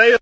they